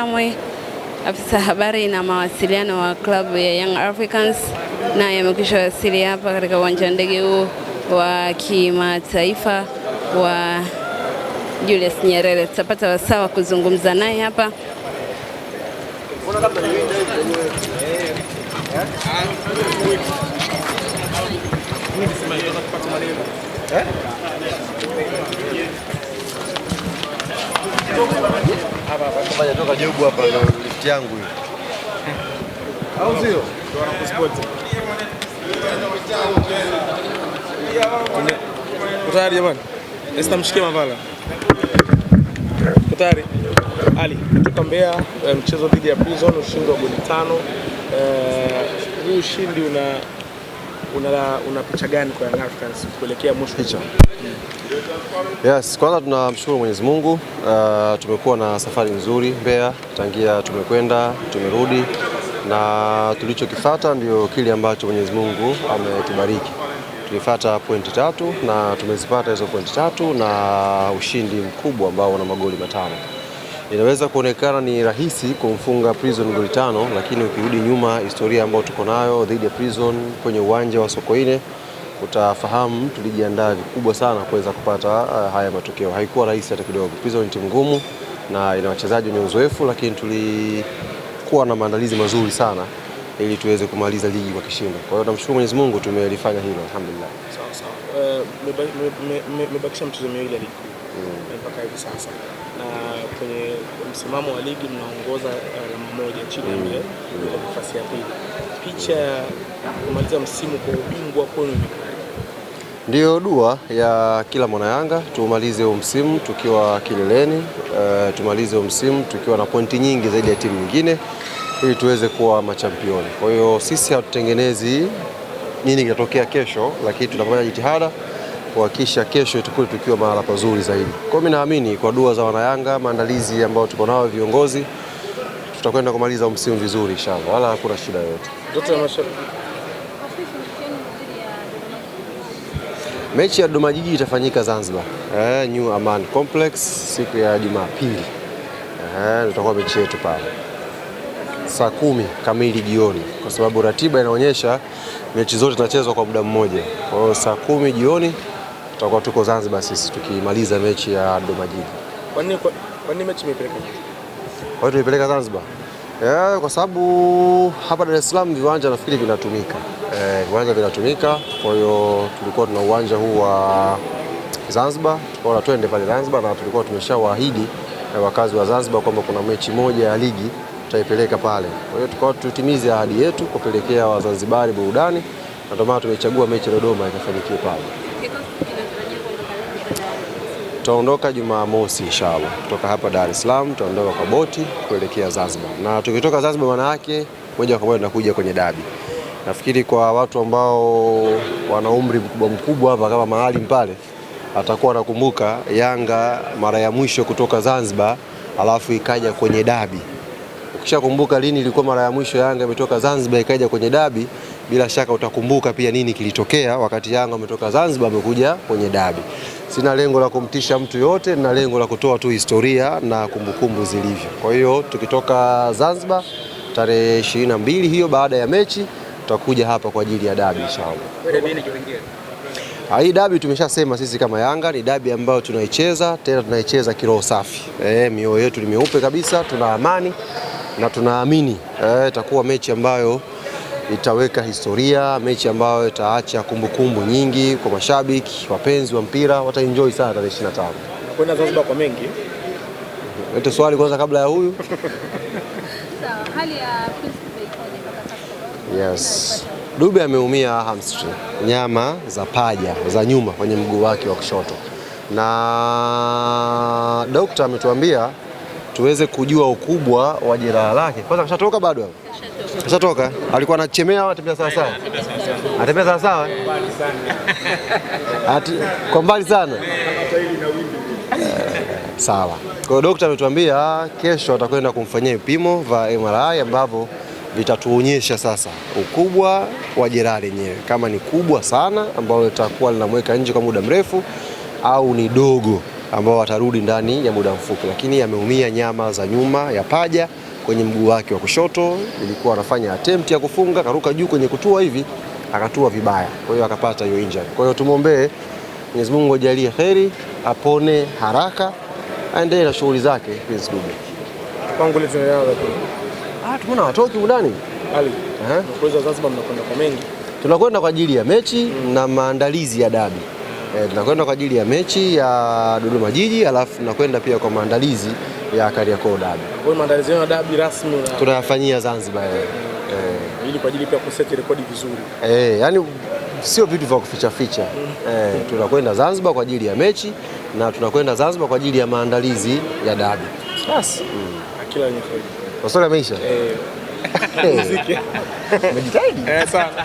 Kamwe, afisa habari na mawasiliano wa klabu ya Young Africans, naye amekwisha wasili hapa katika uwanja wa ndege huu wa kimataifa wa Julius Nyerere. Tutapata wasaa wa kuzungumza naye hapa eh? Hapa toka hapa na lift yangu hiyo. Au sio? Tayari jamani. Esta mshikie mavala. Tayari. Ali, kutoka Mbeya, eh, mchezo dhidi ya Prison, ushindi wa goli tano. Eh, huu ushindi una una una picha gani kwa Young Africans kuelekea mwisho? Picha. Hmm. Yes, kwanza tunamshukuru Mwenyezi Mungu. Uh, tumekuwa na safari nzuri Mbeya, tangia tumekwenda tumerudi, na tulichokifuata ndio kile ambacho Mwenyezi Mungu ametubariki. Tulifuata pointi tatu na tumezipata hizo pointi tatu na ushindi mkubwa ambao una magoli matano. Inaweza kuonekana ni rahisi kumfunga Prison goli tano, lakini ukirudi nyuma, historia ambayo tuko nayo dhidi ya Prison kwenye uwanja wa Sokoine utafahamu tulijiandaa vikubwa sana kuweza kupata uh, haya matokeo. Haikuwa rahisi hata kidogo. Pizon ni timu ngumu na ina wachezaji wenye uzoefu, lakini tulikuwa na maandalizi mazuri sana ili tuweze kumaliza ligi kwa kishindo. Kwa hiyo namshukuru Mwenyezi Mungu tumelifanya hilo alhamdulillah. Sawa sawa. Uh, Mmebakisha mchezo miwili ya ligi mm. mpaka hivi sasa na kwenye msimamo wa ligi mnaongoza uh, alama moja chini ya mm. mm. nafasi ya pili. Picha ya kumaliza msimu kwa ubingwa kwenu Ndiyo dua ya kila mwanayanga tumalize huu msimu tukiwa kileleni, Uh, tumalize huu msimu tukiwa na pointi nyingi zaidi ya timu nyingine ili tuweze kuwa machampioni. Kwa hiyo sisi hatutengenezi nini kitatokea kesho, lakini tunafanya jitihada kuhakikisha kesho tukule tukiwa mahala pazuri zaidi. Kwa hiyo mimi naamini kwa dua za wanayanga, maandalizi ambayo tuko nao viongozi, tutakwenda kumaliza msimu vizuri inshallah, wala hakuna shida yoyote. Mechi ya Dodoma Jiji itafanyika Zanzibar, eh, New Aman Complex siku ya Jumapili. Eh, tutakuwa mechi yetu pale saa kumi kamili jioni, kwa sababu ratiba inaonyesha mechi zote zinachezwa kwa muda mmoja. Kwa hiyo saa kumi jioni tutakuwa tuko Zanzibar sisi tukimaliza mechi ya Dodoma Jiji. Kwa nini kwa nini mechi imepeleka? Kwa hiyo tumepeleka Zanzibar. Eh, kwa sababu hapa Dar es Salaam viwanja nafikiri vinatumika Eh, viwanja vinatumika. Kwa hiyo tulikuwa tuna uwanja huu wa Zanzibar, tukaona twende pale Zanzibar, na tulikuwa tumeshawaahidi wakazi wa Zanzibar kwamba kuna mechi moja ya ligi tutaipeleka pale. Kwa hiyo tukawa tutimize ahadi yetu kupelekea Wazanzibari burudani, na ndio maana tumechagua mechi Dodoma ikafanikiwa pale. Tutaondoka Jumamosi inshallah, kutoka hapa Dar es Salaam tutaondoka kwa boti kuelekea Zanzibar, na tukitoka Zanzibar maana yake moja kwa moja tunakuja kwenye dabi. Nafikiri kwa watu ambao wana umri mkubwa mkubwa hapa kama mahali pale atakuwa anakumbuka Yanga mara ya mwisho kutoka Zanzibar alafu ikaja kwenye dabi. Ukishakumbuka lini ilikuwa mara ya mwisho Yanga imetoka Zanzibar ikaja kwenye dabi, bila shaka utakumbuka pia nini kilitokea wakati Yanga ametoka Zanzibar amekuja kwenye dabi. Sina lengo la kumtisha mtu yote, na lengo la kutoa tu historia na kumbukumbu zilivyo. Kwa hiyo tukitoka Zanzibar tarehe 22 hiyo baada ya mechi tutakuja hapa kwa ajili ya dabi inshallah. Ah, hii dabi tumeshasema sisi kama Yanga ni dabi ambayo tunaicheza, tena tunaicheza kiroho safi. E, mioyo yetu ni meupe kabisa, tuna amani na tunaamini eh, itakuwa e, mechi ambayo itaweka historia, mechi ambayo itaacha kumbukumbu nyingi kwa mashabiki, wapenzi wa mpira wataenjoy sana tarehe 25. Kwenda Zanzibar kwa mengi. Ete swali kwanza kabla ya huyu. Sawa, hali ya Yes. Dube ameumia hamstring, nyama za paja za nyuma kwenye mguu wake wa kushoto, na daktari ametuambia tuweze kujua ukubwa wa jeraha lake. Kwanza kashatoka bado? Kashatoka. Alikuwa anachemea au atembea sawa sawa? Atembea sawa sawa? Kwa mbali sana. Eh, sawa. Kwa hiyo daktari ametuambia kesho atakwenda kumfanyia vipimo vya MRI ambavyo vitatuonyesha sasa ukubwa wa jeraha lenyewe, kama ni kubwa sana ambalo litakuwa linamweka nje kwa muda mrefu au ni dogo ambao watarudi ndani ya muda mfupi. Lakini ameumia nyama za nyuma ya paja kwenye mguu wake wa kushoto, ilikuwa anafanya attempt ya kufunga, karuka juu kwenye kutua hivi akatua vibaya, kwa hiyo akapata hiyo injury. Kwa hiyo tumwombee Mwenyezi Mungu ajalie heri, apone haraka, aendelee na shughuli zake. Prince Dube watu mbona hawatoki udani? Eh? Tunakwenda kwa ajili ya mechi mm. na maandalizi ya dabi E, tunakwenda kwa ajili ya mechi ya Dodoma Jiji alafu tunakwenda pia kwa maandalizi ya Kariakoo dabi. Kwa maandalizi ya dabi rasmi na tunayafanyia Zanzibar yeah. Mm. E. Eh. Ili kwa ajili pia kuseti rekodi vizuri. Eh, yani sio vitu vya kuficha ficha mm. E, tunakwenda Zanzibar kwa ajili ya mechi na tunakwenda Zanzibar kwa ajili ya maandalizi ya dabi. Basi. Mm. Kila Maswali yameisha. Eh. Umejitahidi eh, sana.